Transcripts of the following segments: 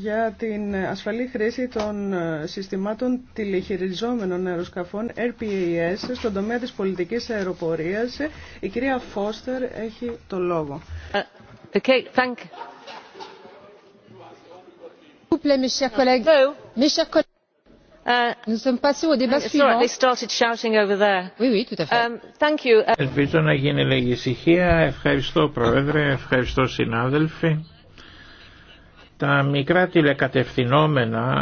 για την ασφαλή χρήση των ε, συστημάτων τηλεχειριζόμενων αεροσκαφών RPAS στον τομέα της πολιτικής αεροπορίας. Η κυρία Φώστερ έχει το λόγο. Ελπίζω να γίνει λίγη ησυχία. Ευχαριστώ Πρόεδρε, ευχαριστώ συνάδελφοι. Τα μικρά τηλεκατευθυνόμενα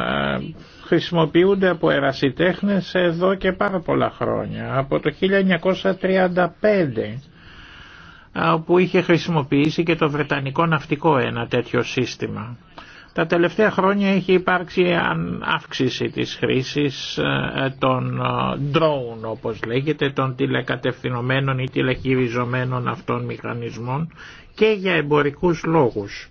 ε, χρησιμοποιούνται από ερασιτέχνες εδώ και πάρα πολλά χρόνια, από το 1935 που είχε χρησιμοποιήσει και το Βρετανικό Ναυτικό ένα τέτοιο σύστημα. Τα τελευταία χρόνια έχει υπάρξει αύξηση της χρήσης ε, ε, των drone όπως λέγεται, των τηλεκατευθυνωμένων ή τηλεχειριζομένων αυτών μηχανισμών και για εμπορικούς λόγους.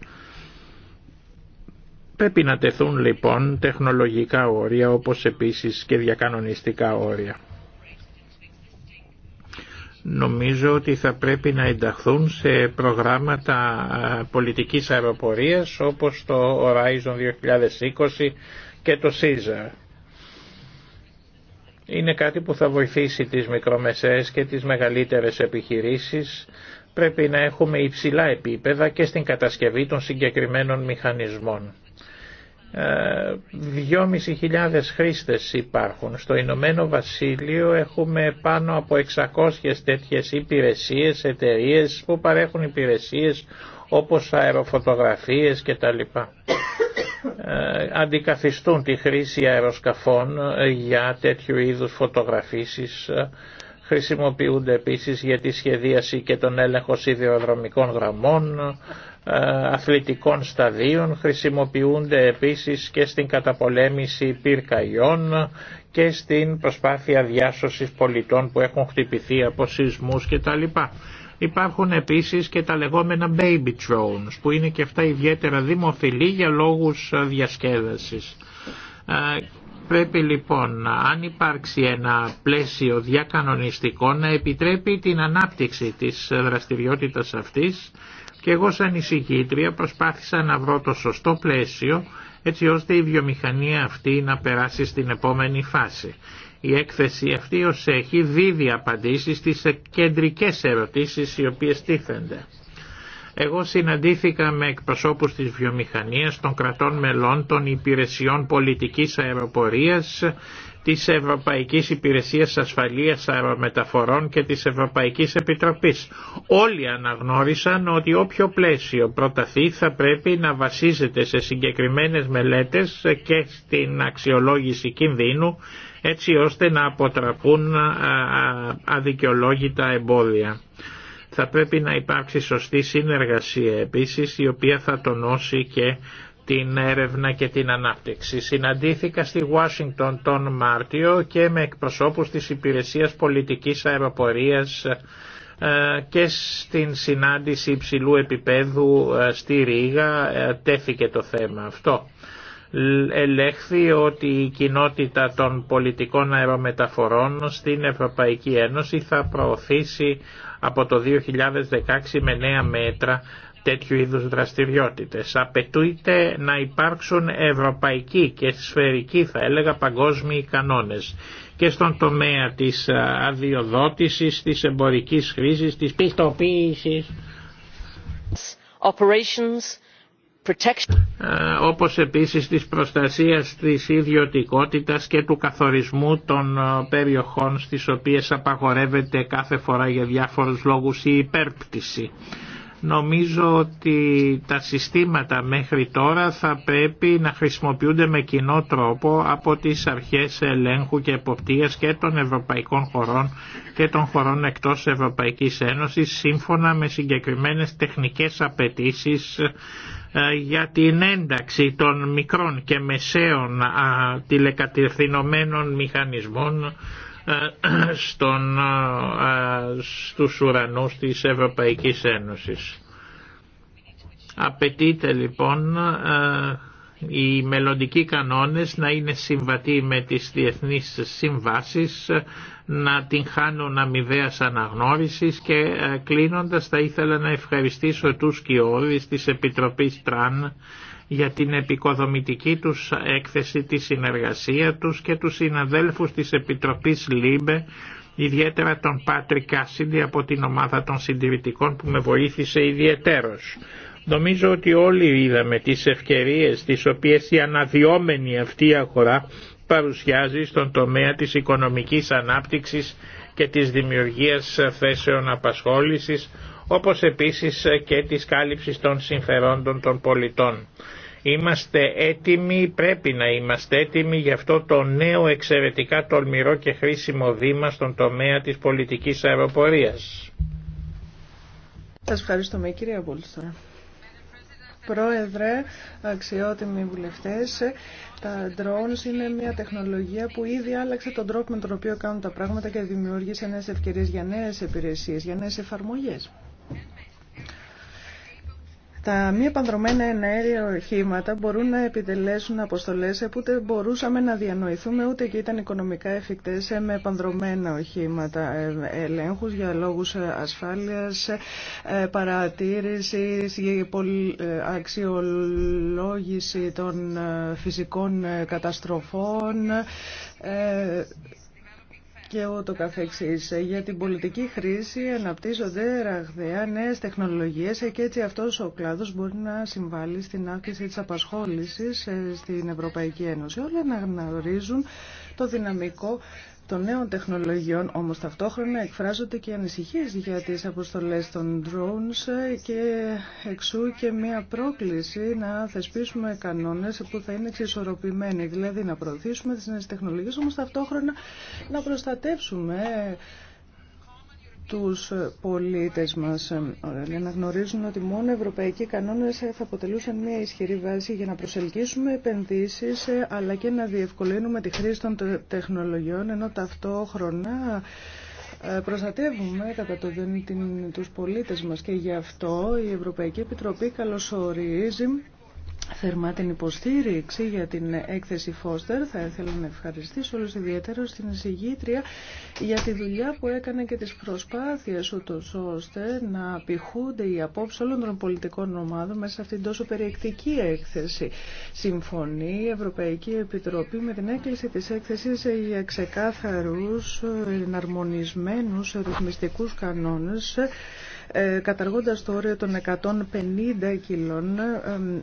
Πρέπει να τεθούν λοιπόν τεχνολογικά όρια όπως επίσης και διακανονιστικά όρια. Νομίζω ότι θα πρέπει να ενταχθούν σε προγράμματα πολιτικής αεροπορίας όπως το Horizon 2020 και το Caesar. Είναι κάτι που θα βοηθήσει τις μικρομεσαίες και τις μεγαλύτερες επιχειρήσεις. Πρέπει να έχουμε υψηλά επίπεδα και στην κατασκευή των συγκεκριμένων μηχανισμών. 2.500 ε, χρήστες υπάρχουν. Στο Ηνωμένο Βασίλειο έχουμε πάνω από 600 τέτοιες υπηρεσίες, εταιρείες που παρέχουν υπηρεσίες όπως αεροφωτογραφίες κτλ. Ε, αντικαθιστούν τη χρήση αεροσκαφών για τέτοιου είδους φωτογραφίσεις. Χρησιμοποιούνται επίσης για τη σχεδίαση και τον έλεγχο σιδηροδρομικών γραμμών, ε, αθλητικών σταδίων, χρησιμοποιούνται επίσης και στην καταπολέμηση πυρκαγιών και στην προσπάθεια διάσωσης πολιτών που έχουν χτυπηθεί από σεισμούς κτλ. Υπάρχουν επίσης και τα λεγόμενα baby drones που είναι και αυτά ιδιαίτερα δημοφιλή για λόγους ε, διασκέδασης. Ε, πρέπει λοιπόν, αν υπάρξει ένα πλαίσιο διακανονιστικό, να επιτρέπει την ανάπτυξη της δραστηριότητας αυτής και εγώ σαν εισηγήτρια προσπάθησα να βρω το σωστό πλαίσιο έτσι ώστε η βιομηχανία αυτή να περάσει στην επόμενη φάση. Η έκθεση αυτή ως έχει δίδει απαντήσεις στις κεντρικές ερωτήσεις οι οποίες τίθενται. Εγώ συναντήθηκα με εκπροσώπους της βιομηχανίας, των κρατών μελών, των υπηρεσιών πολιτικής αεροπορίας, της Ευρωπαϊκής Υπηρεσίας Ασφαλείας Αερομεταφορών και της Ευρωπαϊκής Επιτροπής. Όλοι αναγνώρισαν ότι όποιο πλαίσιο προταθεί θα πρέπει να βασίζεται σε συγκεκριμένες μελέτες και στην αξιολόγηση κινδύνου έτσι ώστε να αποτραπούν αδικαιολόγητα εμπόδια. Θα πρέπει να υπάρξει σωστή συνεργασία επίσης η οποία θα τονώσει και την έρευνα και την ανάπτυξη. Συναντήθηκα στη Ουάσιγκτον τον Μάρτιο και με εκπροσώπους της Υπηρεσίας Πολιτικής Αεροπορίας ε, και στην συνάντηση υψηλού επίπεδου ε, στη Ρήγα ε, τέθηκε το θέμα αυτό ελέγχθη ότι η κοινότητα των πολιτικών αερομεταφορών στην Ευρωπαϊκή Ένωση θα προωθήσει από το 2016 με νέα μέτρα τέτοιου είδους δραστηριότητες. Απαιτούνται να υπάρξουν ευρωπαϊκοί και σφαιρικοί θα έλεγα παγκόσμιοι κανόνες και στον τομέα της αδειοδότησης, της εμπορικής χρήσης, της πιστοποίησης. Ε, όπως επίσης της προστασίας της ιδιωτικότητας και του καθορισμού των ε, περιοχών στις οποίες απαγορεύεται κάθε φορά για διάφορους λόγους η υπέρπτυση. Νομίζω ότι τα συστήματα μέχρι τώρα θα πρέπει να χρησιμοποιούνται με κοινό τρόπο από τις αρχές ελέγχου και εποπτείας και των ευρωπαϊκών χωρών και των χωρών εκτός Ευρωπαϊκής Ένωσης σύμφωνα με συγκεκριμένες τεχνικές απαιτήσεις ε, για την ένταξη των μικρών και μεσαίων τηλεκατευθυνωμένων μηχανισμών ε, στον, ε, στους ουρανούς της Ευρωπαϊκής Ένωσης. Απαιτείται λοιπόν οι μελλοντικοί κανόνες να είναι συμβατοί με τις διεθνείς συμβάσεις, να την χάνουν αμοιβαίας αναγνώρισης και ε, κλείνοντας θα ήθελα να ευχαριστήσω τους κοιόδης της Επιτροπής Τραν για την επικοδομητική τους έκθεση, τη συνεργασία τους και τους συναδέλφους της Επιτροπής ΛΥΜΠΕ, ιδιαίτερα τον Πάτρικ Κάσιντι από την ομάδα των συντηρητικών που με βοήθησε ιδιαίτερος. Νομίζω ότι όλοι είδαμε τις ευκαιρίες τις οποίες η αναδυόμενη αυτή αγορά παρουσιάζει στον τομέα της οικονομικής ανάπτυξης και της δημιουργίας θέσεων απασχόλησης, όπως επίσης και της κάλυψης των συμφερόντων των πολιτών. Είμαστε έτοιμοι, πρέπει να είμαστε έτοιμοι για αυτό το νέο εξαιρετικά τολμηρό και χρήσιμο βήμα στον τομέα της πολιτικής αεροπορίας. Σας Πρόεδρε, αξιότιμοι βουλευτές, τα drones είναι μια τεχνολογία που ήδη άλλαξε τον τρόπο με τον οποίο κάνουν τα πράγματα και δημιούργησε νέες ευκαιρίες για νέες υπηρεσίες, για νέες εφαρμογές. Τα μη επανδρομένα ενέργεια οχήματα μπορούν να επιτελέσουν αποστολές που ούτε μπορούσαμε να διανοηθούμε ούτε και ήταν οικονομικά εφικτές με επανδρομένα οχήματα ε, ελέγχους για λόγους ε, ασφάλειας, ε, παρατήρηση, αξιολόγηση των φυσικών καταστροφών, και ούτω καθεξής. Για την πολιτική χρήση αναπτύσσονται ραγδαία νέες τεχνολογίες και έτσι αυτός ο κλάδος μπορεί να συμβάλλει στην αύξηση της απασχόλησης ε, στην Ευρωπαϊκή Ένωση. να αναγνωρίζουν το δυναμικό των νέων τεχνολογιών, όμως ταυτόχρονα εκφράζονται και ανησυχίες για τις αποστολές των drones και εξού και μια πρόκληση να θεσπίσουμε κανόνες που θα είναι εξισορροπημένοι, δηλαδή να προωθήσουμε τις νέες τεχνολογίες, όμως ταυτόχρονα να προστατεύσουμε τους πολίτες μας για να γνωρίζουν ότι μόνο ευρωπαϊκοί κανόνες θα αποτελούσαν μια ισχυρή βάση για να προσελκύσουμε επενδύσεις αλλά και να διευκολύνουμε τη χρήση των τεχνολογιών ενώ ταυτόχρονα ε, προστατεύουμε κατά το δεν την, τους πολίτες μας και γι' αυτό η Ευρωπαϊκή Επιτροπή καλωσορίζει θερμά την υποστήριξη για την έκθεση Φώστερ. Θα ήθελα να ευχαριστήσω όλους ιδιαίτερα στην εισηγήτρια για τη δουλειά που έκανε και τις προσπάθειες ούτω ώστε να πηχούνται οι απόψεις όλων των πολιτικών ομάδων μέσα σε αυτήν τόσο περιεκτική έκθεση. Συμφωνεί η Ευρωπαϊκή Επιτροπή με την έκκληση της έκθεσης για ξεκάθαρους, εναρμονισμένους ρυθμιστικούς κανόνες ε, καταργώντας το όριο των 150 κιλών ε,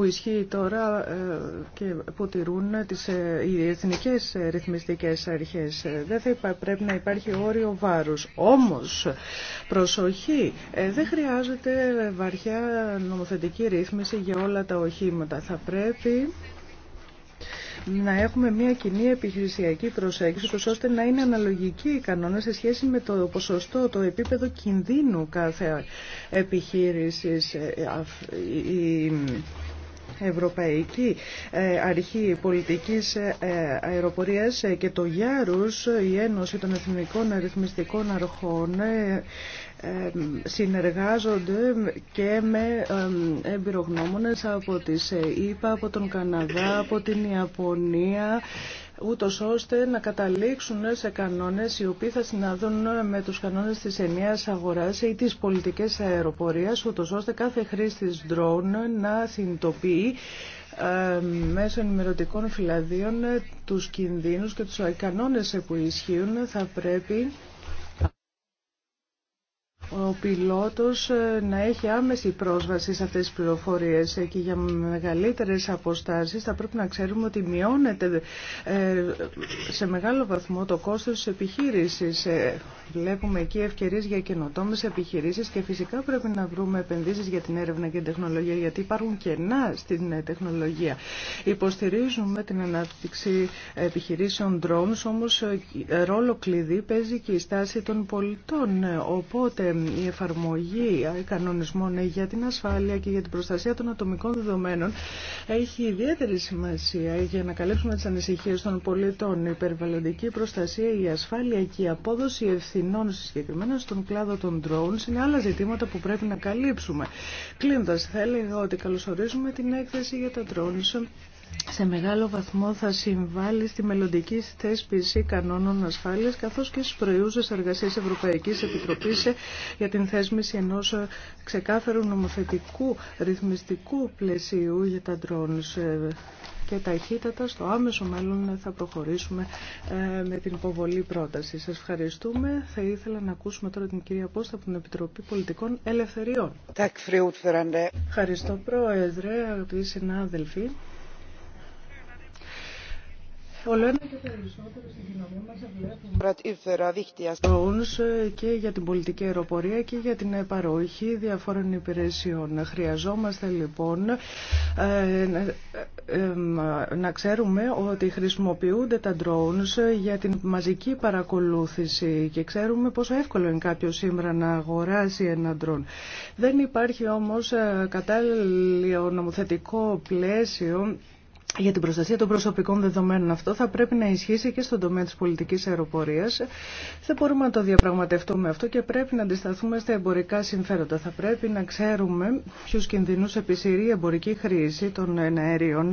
που ισχύει τώρα ε, και που τηρούν τις, ε, οι εθνικές ε, ρυθμιστικές αρχές. Δεν θα πρέπει να υπάρχει όριο βάρους. Όμως, προσοχή, δεν χρειάζεται βαριά νομοθετική ρύθμιση για όλα τα οχήματα. Θα πρέπει να έχουμε μια κοινή επιχειρησιακή προσέγγιση ώστε να είναι αναλογικοί οι κανόνες σε σχέση με το ποσοστό, το επίπεδο κινδύνου κάθε επιχείρησης. Ευρωπαϊκή ε, Αρχή Πολιτικής ε, Αεροπορίας ε, και το Γιάρους, η Ένωση των Εθνικών Αριθμιστικών Αρχών, συνεργάζονται και με εμπειρογνώμονες από τις ΕΙΠΑ, από τον Καναδά, από την Ιαπωνία, ούτως ώστε να καταλήξουν σε κανόνες οι οποίοι θα συναδούν με τους κανόνες της ενιαίας αγοράς ή της πολιτικής αεροπορίας, ούτως ώστε κάθε χρήστης drone να συνειδητοποιεί ε, μέσω ενημερωτικών φυλαδίων τους κινδύνους και τους κανόνες που ισχύουν θα πρέπει ο πιλότος ε, να έχει άμεση πρόσβαση σε αυτές τις πληροφορίες ε, και για μεγαλύτερες αποστάσεις θα πρέπει να ξέρουμε ότι μειώνεται ε, σε μεγάλο βαθμό το κόστος της επιχείρησης. Βλέπουμε εκεί ευκαιρίες για καινοτόμες επιχειρήσεις και φυσικά πρέπει να βρούμε επενδύσεις για την έρευνα και την τεχνολογία γιατί υπάρχουν κενά στην τεχνολογία. Υποστηρίζουμε την ανάπτυξη επιχειρήσεων drones όμως ρόλο κλειδί παίζει και η στάση των πολιτών. Οπότε η εφαρμογή ε, κανονισμών για την ασφάλεια και για την προστασία των ατομικών δεδομένων έχει ιδιαίτερη σημασία για να καλύψουμε τις ανησυχίες των πολιτών. Η περιβαλλοντική προστασία, η ασφάλεια και η απόδοση ευθυνών συγκεκριμένα στον κλάδο των drones είναι άλλα ζητήματα που πρέπει να καλύψουμε. Κλείνοντας, θα έλεγα ότι καλωσορίζουμε την έκθεση για τα drones σε μεγάλο βαθμό θα συμβάλλει στη μελλοντική θέσπιση κανόνων ασφάλειας καθώς και στις προϊούσες εργασίες Ευρωπαϊκής Επιτροπής για την θέσμιση ενός ξεκάθαρου νομοθετικού ρυθμιστικού πλαισίου για τα ντρόνς ε, και ταχύτατα στο άμεσο μέλλον ε, θα προχωρήσουμε ε, με την υποβολή πρόταση. Σας ευχαριστούμε. Θα ήθελα να ακούσουμε τώρα την κυρία Πόστα από την Επιτροπή Πολιτικών Ελευθεριών. Ευχαριστώ Πρόεδρε, αγαπητοί συνάδελφοι ο και περισσότερο στην κοινωνία μας βλέπουμε και για την πολιτική αεροπορία και για την παροχή διαφόρων υπηρεσιών. Χρειαζόμαστε λοιπόν ε, ε, ε, να ξέρουμε ότι χρησιμοποιούνται τα drones για την μαζική παρακολούθηση και ξέρουμε πόσο εύκολο είναι κάποιος σήμερα να αγοράσει ένα drone. Δεν υπάρχει όμως κατάλληλο νομοθετικό πλαίσιο για την προστασία των προσωπικών δεδομένων. Αυτό θα πρέπει να ισχύσει και στον τομέα της πολιτικής αεροπορίας. Δεν μπορούμε να το διαπραγματευτούμε αυτό και πρέπει να αντισταθούμε στα εμπορικά συμφέροντα. Θα πρέπει να ξέρουμε ποιους κινδυνούς επισηρεί η εμπορική χρήση των εναέριων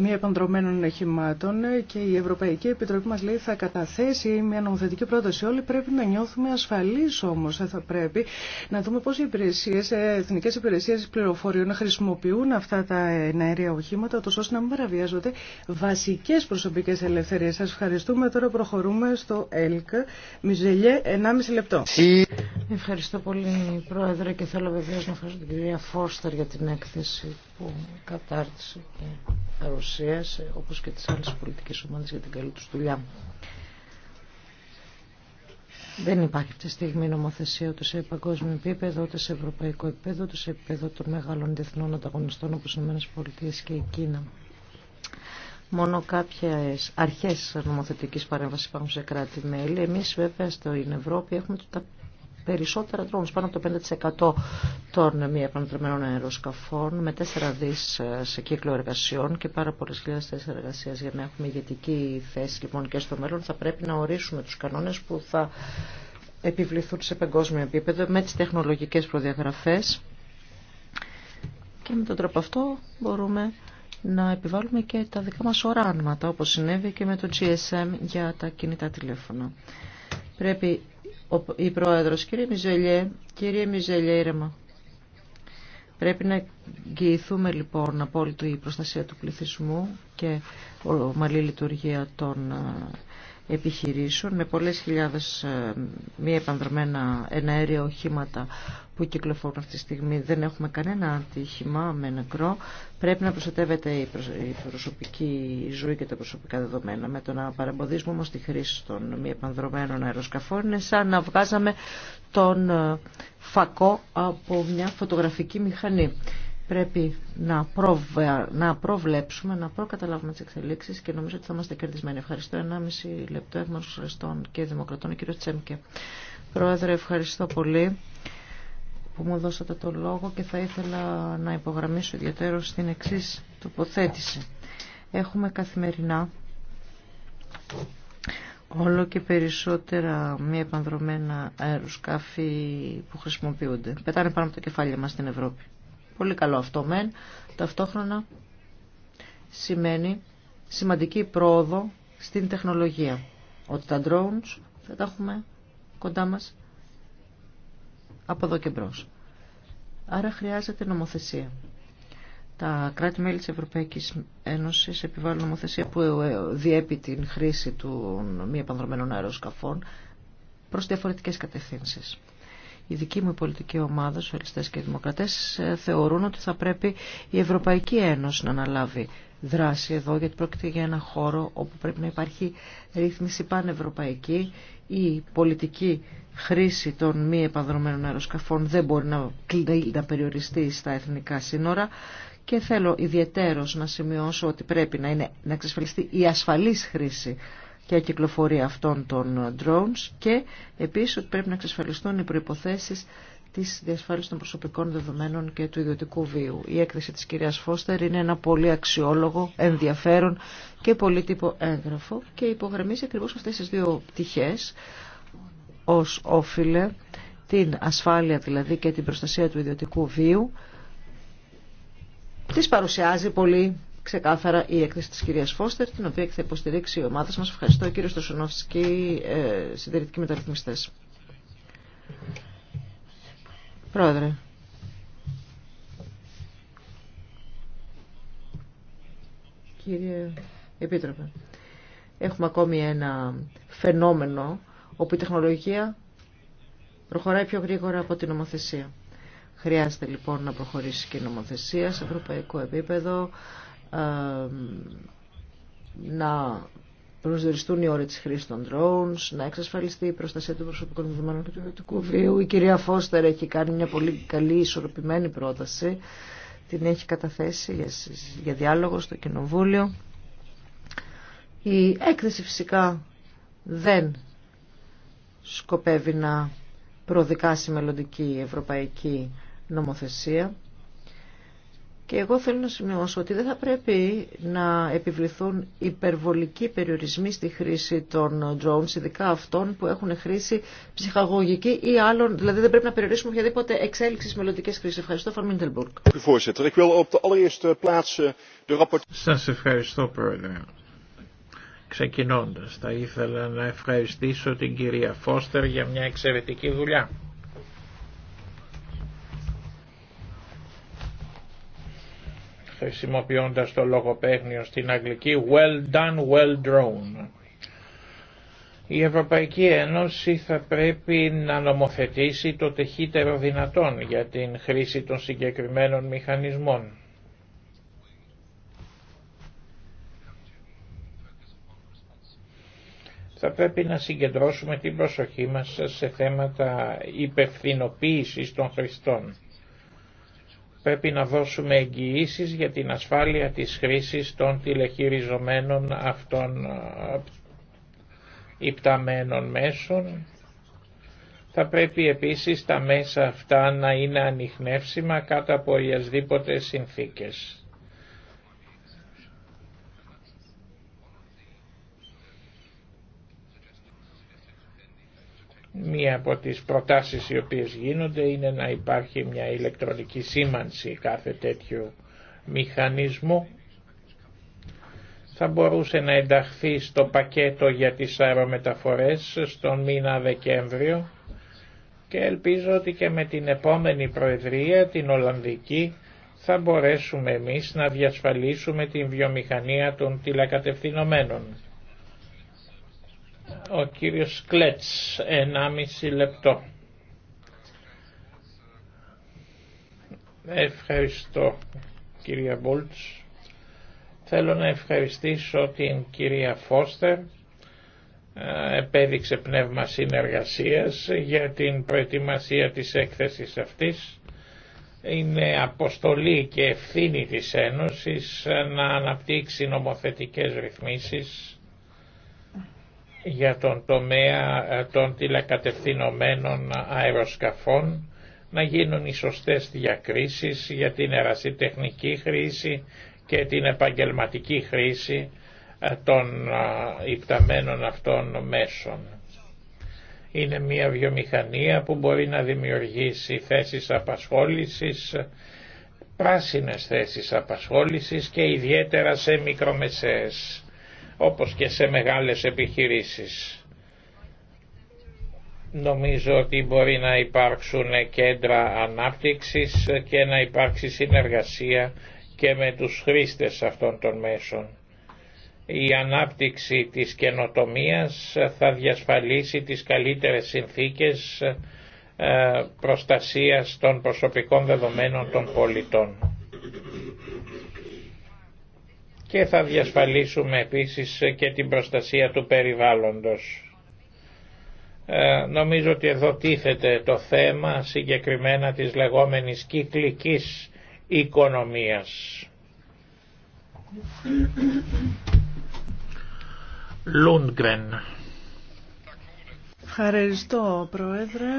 μη επανδρομένων εχημάτων και η Ευρωπαϊκή Επιτροπή μας λέει θα καταθέσει μια νομοθετική πρόταση. Όλοι πρέπει να νιώθουμε ασφαλείς όμως. Θα πρέπει να δούμε πώς οι υπηρεσίες, εθνικές υπηρεσίες πληροφοριών χρησιμοποιούν αυτά τα εναέρια οχήματα, ώστε να μην παραβιάζονται βασικές προσωπικές ελευθερίες. Σας ευχαριστούμε. Τώρα προχωρούμε στο ΕΛΚ. Μιζελιέ, 1,5 λεπτό. Ευχαριστώ πολύ, Πρόεδρε, και θέλω βεβαίως να ευχαριστώ την κυρία Φόρστερ για την έκθεση που κατάρτισε και παρουσίασε, όπως και τις άλλες πολιτικές ομάδες για την καλή του δουλειά. Δεν υπάρχει αυτή τη στιγμή νομοθεσία ούτε σε παγκόσμιο επίπεδο, ούτε σε ευρωπαϊκό επίπεδο, ούτε σε επίπεδο των μεγάλων διεθνών ανταγωνιστών όπως οι ΗΠΑ και η Κίνα. Μόνο κάποιες αρχές νομοθετικής παρέμβασης υπάρχουν σε κράτη-μέλη. Εμείς βέβαια στην Ευρώπη έχουμε τα περισσότερα δρόμους, πάνω από το 5% των μη επανατρεμένων αεροσκαφών, με 4 δις ε, σε κύκλο εργασιών και πάρα πολλέ χιλιάδες θέσεις εργασίας. Για να έχουμε ηγετική θέση λοιπόν και στο μέλλον θα πρέπει να ορίσουμε τους κανόνες που θα επιβληθούν σε παγκόσμιο επίπεδο με τις τεχνολογικές προδιαγραφές και με τον τρόπο αυτό μπορούμε να επιβάλλουμε και τα δικά μας οράνματα, όπως συνέβη και με το GSM για τα κινητά τηλέφωνα. Πρέπει η Πρόεδρος, κύριε Μιζελιέ, κύριε Μιζελιέ, ήρεμα. Πρέπει να εγγυηθούμε λοιπόν απόλυτη η προστασία του πληθυσμού και ομαλή λειτουργία των ε, επιχειρήσεων με πολλές χιλιάδες ε, μη επανδρομένα εναέρια οχήματα που κυκλοφορούν αυτή τη στιγμή. Δεν έχουμε κανένα ατύχημα με νεκρό. Πρέπει να προστατεύεται η προσωπική ζωή και τα προσωπικά δεδομένα. Με το να μας όμως τη χρήση των μη επανδρομένων αεροσκαφών είναι σαν να βγάζαμε τον ε, φακό από μια φωτογραφική μηχανή πρέπει να, να προβλέψουμε, να προκαταλάβουμε τις εξελίξεις και νομίζω ότι θα είμαστε κερδισμένοι. Ευχαριστώ 1,5 λεπτό έχουμε ρεστών και Δημοκρατών, ο κύριος Τσέμκε. Πρόεδρε, ευχαριστώ πολύ που μου δώσατε το λόγο και θα ήθελα να υπογραμμίσω ιδιαίτερο στην εξή τοποθέτηση. Έχουμε καθημερινά όλο και περισσότερα μη επανδρομένα αεροσκάφη που χρησιμοποιούνται. Πετάνε πάνω από το κεφάλι μας στην Ευρώπη. Πολύ καλό αυτό μεν. Ταυτόχρονα σημαίνει σημαντική πρόοδο στην τεχνολογία. Ότι τα drones θα τα έχουμε κοντά μας από εδώ και μπρος. Άρα χρειάζεται νομοθεσία. Τα κράτη-μέλη της Ευρωπαϊκής Ένωσης επιβάλλουν νομοθεσία που ε, διέπει την χρήση των μη επανδρομένων αεροσκαφών προς διαφορετικές κατευθύνσεις. Η δική μου πολιτική ομάδα, σοσιαλιστές και δημοκρατές, ε, θεωρούν ότι θα πρέπει η Ευρωπαϊκή Ένωση να αναλάβει δράση εδώ, γιατί πρόκειται για ένα χώρο όπου πρέπει να υπάρχει ρύθμιση πανευρωπαϊκή. Η πολιτική χρήση των μη επαδρομένων αεροσκαφών δεν μπορεί να, περιοριστεί στα εθνικά σύνορα και θέλω ιδιαίτερος να σημειώσω ότι πρέπει να, να εξασφαλιστεί η ασφαλής χρήση και κυκλοφορία αυτών των drones και επίσης ότι πρέπει να εξασφαλιστούν οι προϋποθέσεις της διασφάλισης των προσωπικών δεδομένων και του ιδιωτικού βίου. Η έκθεση της κυρίας Φώστερ είναι ένα πολύ αξιόλογο, ενδιαφέρον και πολύτυπο έγγραφο και υπογραμμίζει ακριβώς αυτές τις δύο πτυχές ως όφιλε την ασφάλεια δηλαδή και την προστασία του ιδιωτικού βίου τις παρουσιάζει πολύ ξεκάθαρα η έκθεση της κυρίας Φώστερ, την οποία θα υποστηρίξει η ομάδα μας. Ευχαριστώ κύριο οι ε, συντηρητικοί μεταρρυθμιστές. Πρόεδρε. Κύριε Επίτροπε, έχουμε ακόμη ένα φαινόμενο όπου η τεχνολογία προχωράει πιο γρήγορα από την νομοθεσία. Χρειάζεται λοιπόν να προχωρήσει και η νομοθεσία σε ευρωπαϊκό επίπεδο, να προσδιοριστούν οι όροι της χρήση των drones, να εξασφαλιστεί η προστασία του προσωπικού δεδομένων και του ιδιωτικού βίου. Η κυρία Φώστερ έχει κάνει μια πολύ καλή ισορροπημένη πρόταση. Την έχει καταθέσει για διάλογο στο Κοινοβούλιο. Η έκθεση φυσικά δεν σκοπεύει να προδικάσει μελλοντική ευρωπαϊκή νομοθεσία. Και εγώ θέλω να σημειώσω ότι δεν θα πρέπει να επιβληθούν υπερβολικοί περιορισμοί στη χρήση των drones, ειδικά αυτών που έχουν χρήση ψυχαγωγική ή άλλων. Δηλαδή δεν πρέπει να περιορίσουμε οποιαδήποτε εξέλιξη στις μελλοντικές Ευχαριστώ, Φαν Μίντελμπουργκ. Eh, Σα ευχαριστώ, Πρόεδρε. Ξεκινώντα, θα ήθελα να ευχαριστήσω την κυρία Φώστερ για μια εξαιρετική δουλειά. χρησιμοποιώντας το λογοπαίγνιο στην αγγλική well done, well drawn. Η Ευρωπαϊκή Ένωση θα πρέπει να νομοθετήσει το τεχύτερο δυνατόν για την χρήση των συγκεκριμένων μηχανισμών. θα πρέπει να συγκεντρώσουμε την προσοχή μας σε θέματα υπευθυνοποίησης των χρηστών. Πρέπει να δώσουμε εγγυήσει για την ασφάλεια της χρήσης των τηλεχειριζομένων αυτών υπταμένων μέσων. Θα πρέπει επίσης τα μέσα αυτά να είναι ανοιχνεύσιμα κάτω από οιασδήποτε συνθήκες. Μία από τις προτάσεις οι οποίες γίνονται είναι να υπάρχει μια ηλεκτρονική σήμανση κάθε τέτοιου μηχανισμού. Θα μπορούσε να ενταχθεί στο πακέτο για τις αερομεταφορές στον μήνα Δεκέμβριο και ελπίζω ότι και με την επόμενη Προεδρία, την Ολλανδική, θα μπορέσουμε εμείς να διασφαλίσουμε την βιομηχανία των τηλεκατευθυνωμένων. Ο κύριος Κλέτς, 1,5 λεπτό. Ευχαριστώ κυρία Μπούλτς. Θέλω να ευχαριστήσω την κυρία Φώστερ. Ε, επέδειξε πνεύμα συνεργασίας για την προετοιμασία της έκθεσης αυτής. Είναι αποστολή και ευθύνη της Ένωσης να αναπτύξει νομοθετικές ρυθμίσεις για τον τομέα ε, των τηλεκατευθυνωμένων αεροσκαφών, να γίνουν οι σωστές διακρίσεις για την ερασιτεχνική χρήση και την επαγγελματική χρήση ε, των ε, υπταμένων αυτών μέσων. Είναι μια βιομηχανία που μπορεί να δημιουργήσει θέσεις απασχόλησης, πράσινες θέσεις απασχόλησης και ιδιαίτερα σε μικρομεσαίες όπως και σε μεγάλες επιχειρήσεις. Νομίζω ότι μπορεί να υπάρξουν κέντρα ανάπτυξης και να υπάρξει συνεργασία και με τους χρήστες αυτών των μέσων. Η ανάπτυξη της καινοτομίας θα διασφαλίσει τις καλύτερες συνθήκες ε, προστασίας των προσωπικών δεδομένων των πολιτών και θα διασφαλίσουμε επίσης και την προστασία του περιβάλλοντος. Ε, νομίζω ότι εδώ τίθεται το θέμα συγκεκριμένα της λεγόμενης κυκλικής οικονομίας. Λούντγκρεν. Ευχαριστώ, Πρόεδρε.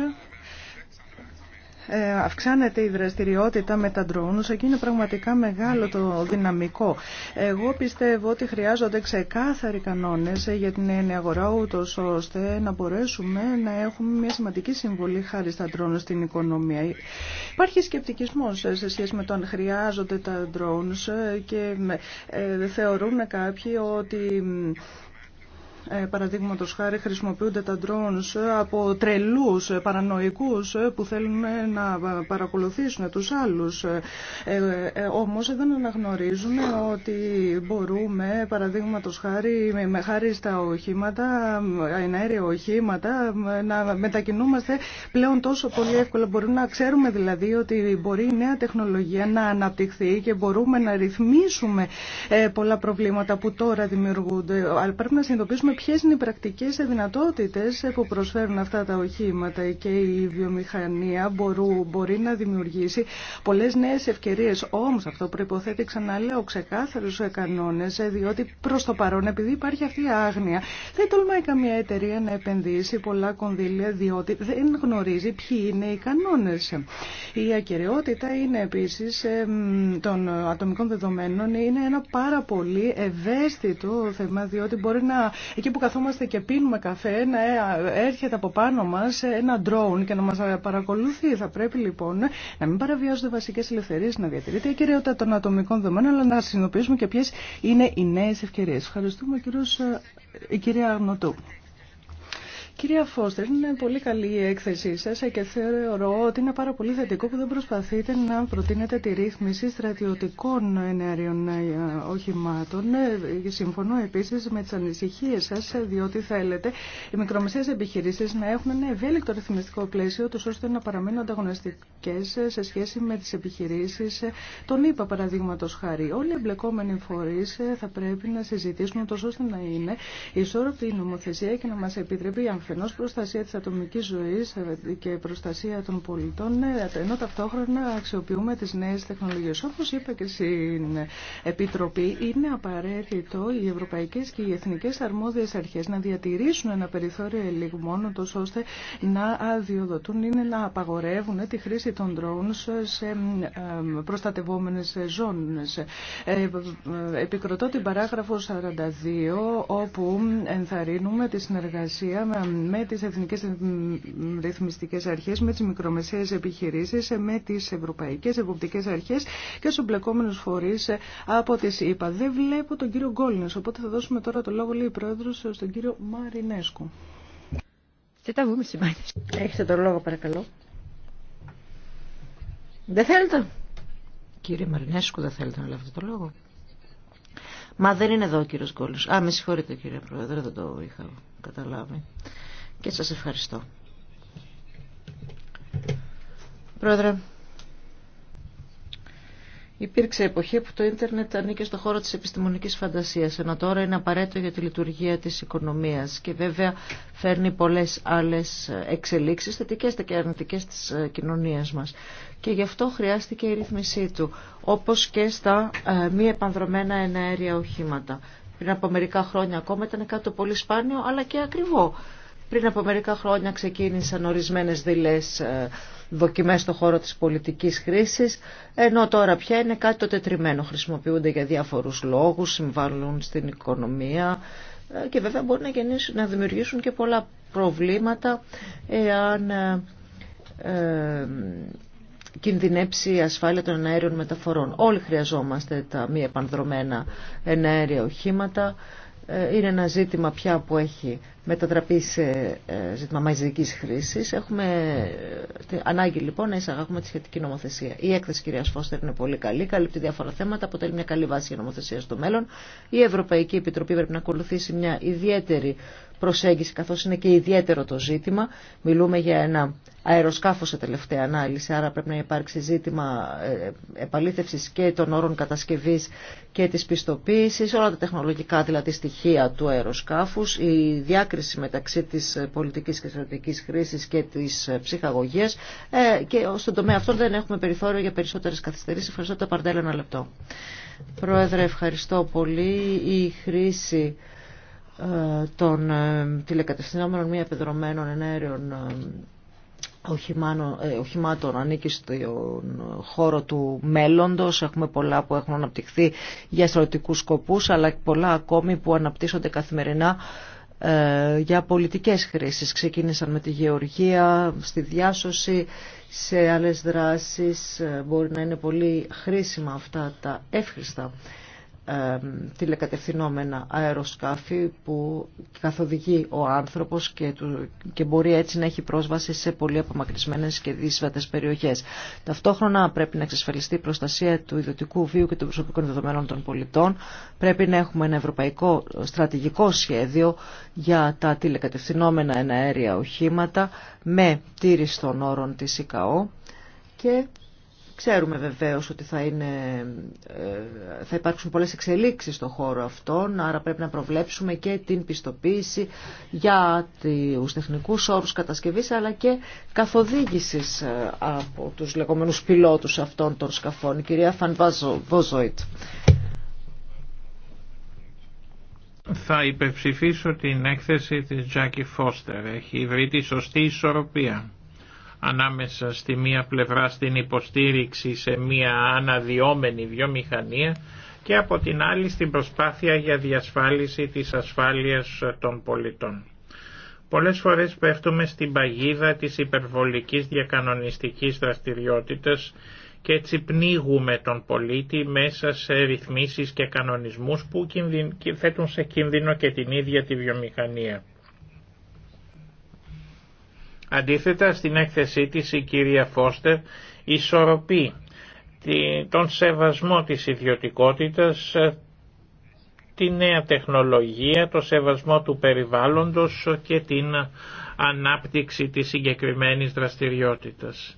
Ε, αυξάνεται η δραστηριότητα με τα ντρόνους, εκεί είναι πραγματικά μεγάλο το δυναμικό. Εγώ πιστεύω ότι χρειάζονται ξεκάθαροι κανόνες για την νέα αγορά, ούτω ώστε να μπορέσουμε να έχουμε μια σημαντική συμβολή χάρη στα ντρόνους στην οικονομία. Υπάρχει σκεπτικισμός σε σχέση με το αν χρειάζονται τα ντρόνους και ε, θεωρούν κάποιοι ότι ε, παραδείγματο χάρη χρησιμοποιούνται τα drones από τρελούς ε, παρανοϊκούς ε, που θέλουν να παρακολουθήσουν τους άλλους. Όμως δεν αναγνωρίζουν ότι μπορούμε παραδείγματο χάρη με χάρη στα οχήματα, εναέρια οχήματα να μετακινούμαστε πλέον τόσο πολύ εύκολα. Μπορούμε να ξέρουμε δηλαδή ότι μπορεί η νέα τεχνολογία να αναπτυχθεί και μπορούμε να ρυθμίσουμε πολλά προβλήματα που τώρα δημιουργούνται. Αλλά πρέπει να συνειδητοποιήσουμε Ποιε είναι οι πρακτικέ δυνατότητε που προσφέρουν αυτά τα οχήματα και η βιομηχανία μπορού, μπορεί να δημιουργήσει πολλέ νέε ευκαιρίε, όμω αυτό προϋποθέτει ξαναλέω ξεκάθαρου κανόνε, ε, διότι προ το παρόν επειδή υπάρχει αυτή η άγνοια δεν τολμάει καμία εταιρεία να επενδύσει πολλά κονδύλια διότι δεν γνωρίζει ποιοι είναι οι κανόνε. Η ακαιρεότητα είναι επίση ε, των ατομικών δεδομένων είναι ένα πάρα πολύ ευαίσθητο θέμα διότι μπορεί να, εκεί που καθόμαστε και πίνουμε καφέ να ε, έρχεται από πάνω μας ένα ντρόουν και να μας παρακολουθεί. Θα πρέπει λοιπόν να μην παραβιάζονται βασικές ελευθερίες, να διατηρείται η κυριότητα των ατομικών δεδομένων, αλλά να συνειδητοποιήσουμε και ποιες είναι οι νέες ευκαιρίες. Ευχαριστούμε κύριος, ε, η κυρία Αγνοτού. Κυρία Φώστερ, είναι πολύ καλή η έκθεσή σας και θεωρώ ότι είναι πάρα πολύ θετικό που δεν προσπαθείτε να προτείνετε τη ρύθμιση στρατιωτικών ενέργειων ε, οχημάτων. Ε, συμφωνώ επίσης με τις ανησυχίες σας, ε, διότι θέλετε οι μικρομεσαίες επιχειρήσεις να έχουν ένα ευέλικτο ρυθμιστικό πλαίσιο, ώστε να παραμείνουν ανταγωνιστικές σε σχέση με τις επιχειρήσεις των ΗΠΑ, παραδείγματο χάρη. Όλοι οι εμπλεκόμενοι φορεί θα πρέπει να συζητήσουν τόσο ώστε να είναι ισόρροπη η νομοθεσία και να μας επιτρέπει ενώ προστασία τη ατομική ζωή ε, και προστασία των πολιτών, ναι, ενώ ταυτόχρονα αξιοποιούμε τι νέε τεχνολογίε. Όπω είπα και στην Επιτροπή, είναι απαραίτητο οι ευρωπαϊκέ και οι Εθνικέ αρμόδιε αρχέ να διατηρήσουν ένα περιθώριο ελιγμών, ώστε να αδειοδοτούν ή να απαγορεύουν τη χρήση των ντρόουν σε ε, προστατευόμενε ζώνε. Ε, επικροτώ την παράγραφο 42, όπου ενθαρρύνουμε τη συνεργασία με Λοιπόν, με τις εθνικές ρυθμιστικές αρχές, με τις μικρομεσαίες επιχειρήσεις, με τις ευρωπαϊκές εποπτικές αρχές και στους μπλεκόμενους φορείς από τις ΕΠΑ. Δεν βλέπω τον κύριο Γκόλνες, οπότε θα δώσουμε τώρα το λόγο, λέει η Πρόεδρος, στον κύριο Μαρινέσκου. Έχετε το λόγο, παρακαλώ. Δεν θέλετε. Κύριε Μαρινέσκου, δεν θέλετε να λάβετε το λόγο. Μα δεν είναι εδώ ο κύριος Γκόλνης. Α, με συγχωρείτε κύριε Πρόεδρε, δεν το είχα καταλάβει. Και σας ευχαριστώ. Πρόεδρε, υπήρξε εποχή που το ίντερνετ ανήκε στο χώρο της επιστημονικής φαντασίας, ενώ τώρα είναι απαραίτητο για τη λειτουργία της οικονομίας και βέβαια φέρνει πολλές άλλες εξελίξεις θετικές και αρνητικές της ε, κοινωνίας μας. Και γι' αυτό χρειάστηκε η ρύθμισή του, όπως και στα ε, μη επανδρομένα εναέρια οχήματα πριν από μερικά χρόνια ακόμα ήταν κάτι πολύ σπάνιο αλλά και ακριβό. Πριν από μερικά χρόνια ξεκίνησαν ορισμένες δειλές ε, δοκιμές στον χώρο της πολιτικής χρήσης, ενώ τώρα πια είναι κάτι το τετριμένο. Χρησιμοποιούνται για διάφορους λόγους, συμβάλλουν στην οικονομία ε, και βέβαια μπορεί να, να δημιουργήσουν και πολλά προβλήματα εάν ε, κινδυνέψει η ασφάλεια των εναέριων μεταφορών. Όλοι χρειαζόμαστε τα μη επανδρομένα εναέρια οχήματα. Ε, είναι ένα ζήτημα πια που έχει μετατραπεί σε ε, ζήτημα μαζικής χρήσης. Έχουμε ε, ανάγκη λοιπόν να εισαγάγουμε τη σχετική νομοθεσία. Η έκθεση κυρία Φώστερ είναι πολύ καλή, καλύπτει διάφορα θέματα, αποτελεί μια καλή βάση για νομοθεσία στο μέλλον. Η Ευρωπαϊκή Επιτροπή πρέπει να ακολουθήσει μια ιδιαίτερη προσέγγιση καθώς είναι και ιδιαίτερο το ζήτημα. Μιλούμε για ένα αεροσκάφο σε τελευταία ανάλυση, άρα πρέπει να υπάρξει ζήτημα ε, επαλήθευσης και των όρων κατασκευής και της πιστοποίησης, όλα τα τεχνολογικά δηλαδή στοιχεία του αεροσκάφους, η διάκριση μεταξύ της πολιτικής και στρατηγικής χρήσης και της ψυχαγωγίας ε, και στον τομέα αυτό δεν έχουμε περιθώριο για περισσότερες καθυστερήσεις. Ευχαριστώ το Παρτέλα ένα λεπτό. Πρόεδρε, ευχαριστώ πολύ. Η χρήση των ε, τηλεκατευθυνόμενων μη επιδρομένων ενέργειων ε, ε, οχημάτων ανήκει στον χώρο του μέλλοντος. Έχουμε πολλά που έχουν αναπτυχθεί για στρατιωτικούς σκοπούς, αλλά και πολλά ακόμη που αναπτύσσονται καθημερινά για πολιτικές χρήσεις. Ξεκίνησαν με τη γεωργία, στη διάσωση, σε άλλες δράσεις. Μπορεί να είναι πολύ χρήσιμα αυτά τα εύχριστα τηλεκατευθυνόμενα αεροσκάφη που καθοδηγεί ο άνθρωπος και, και μπορεί έτσι να έχει πρόσβαση σε πολύ απομακρυσμένες και δύσβατες περιοχές. Ταυτόχρονα πρέπει να εξασφαλιστεί η προστασία του ιδιωτικού βίου και των προσωπικών δεδομένων των πολιτών. Πρέπει να έχουμε ένα ευρωπαϊκό στρατηγικό σχέδιο για τα τηλεκατευθυνόμενα εναέρια οχήματα με τήρηση των όρων της ΙΚΑΟ και Ξέρουμε βεβαίως ότι θα, είναι, ε, θα υπάρξουν πολλές εξελίξεις στον χώρο αυτόν, άρα πρέπει να προβλέψουμε και την πιστοποίηση για τους τεχνικούς όρους κατασκευής, αλλά και καθοδήγησης ε, από τους λεγόμενους πιλότους αυτών των σκαφών. Η κυρία Φανβάζοϊτ. Θα υπερψηφίσω την έκθεση της Τζάκη Φώστερ. Έχει βρει τη σωστή ισορροπία ανάμεσα στη μία πλευρά στην υποστήριξη σε μία αναδυόμενη βιομηχανία και από την άλλη στην προσπάθεια για διασφάλιση της ασφάλειας των πολιτών. Πολλές φορές πέφτουμε στην παγίδα της υπερβολικής διακανονιστικής δραστηριότητας και έτσι πνίγουμε τον πολίτη μέσα σε ρυθμίσεις και κανονισμούς που θέτουν σε κίνδυνο και την ίδια τη βιομηχανία. Αντίθετα στην έκθεσή της η κυρία Φώστερ ισορροπεί τον σεβασμό της ιδιωτικότητας, ε, τη νέα τεχνολογία, το σεβασμό του περιβάλλοντος και την ανάπτυξη της συγκεκριμένης δραστηριότητας.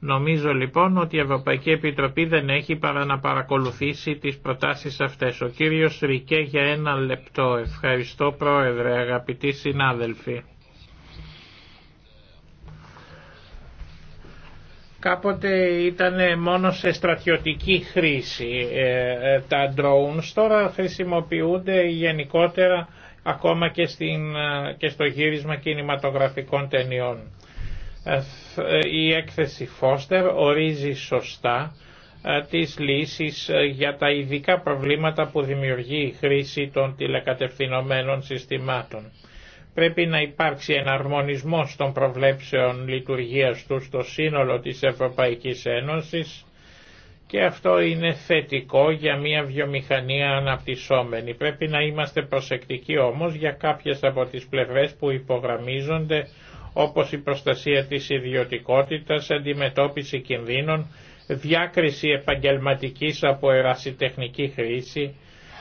Νομίζω λοιπόν ότι η Ευρωπαϊκή Επιτροπή δεν έχει παρά να παρακολουθήσει τις προτάσεις αυτές. Ο κύριος Ρικέ για ένα λεπτό. Ευχαριστώ πρόεδρε αγαπητοί συνάδελφοι. κάποτε ήταν μόνο σε στρατιωτική χρήση ε, ε, τα drones, τώρα χρησιμοποιούνται γενικότερα ακόμα και, στην, ε, και στο γύρισμα κινηματογραφικών ταινιών. Η έκθεση Foster ορίζει σωστά τις λύσεις για τα ειδικά προβλήματα που δημιουργεί η χρήση των τηλεκατευθυνωμένων συστημάτων πρέπει να υπάρξει εναρμονισμός των προβλέψεων λειτουργίας του στο σύνολο της Ευρωπαϊκής Ένωσης και αυτό είναι θετικό για μια βιομηχανία αναπτυσσόμενη. Πρέπει να είμαστε προσεκτικοί όμως για κάποιες από τις πλευρές που υπογραμμίζονται όπως η προστασία της ιδιωτικότητας, αντιμετώπιση κινδύνων, διάκριση επαγγελματικής από ερασιτεχνική χρήση,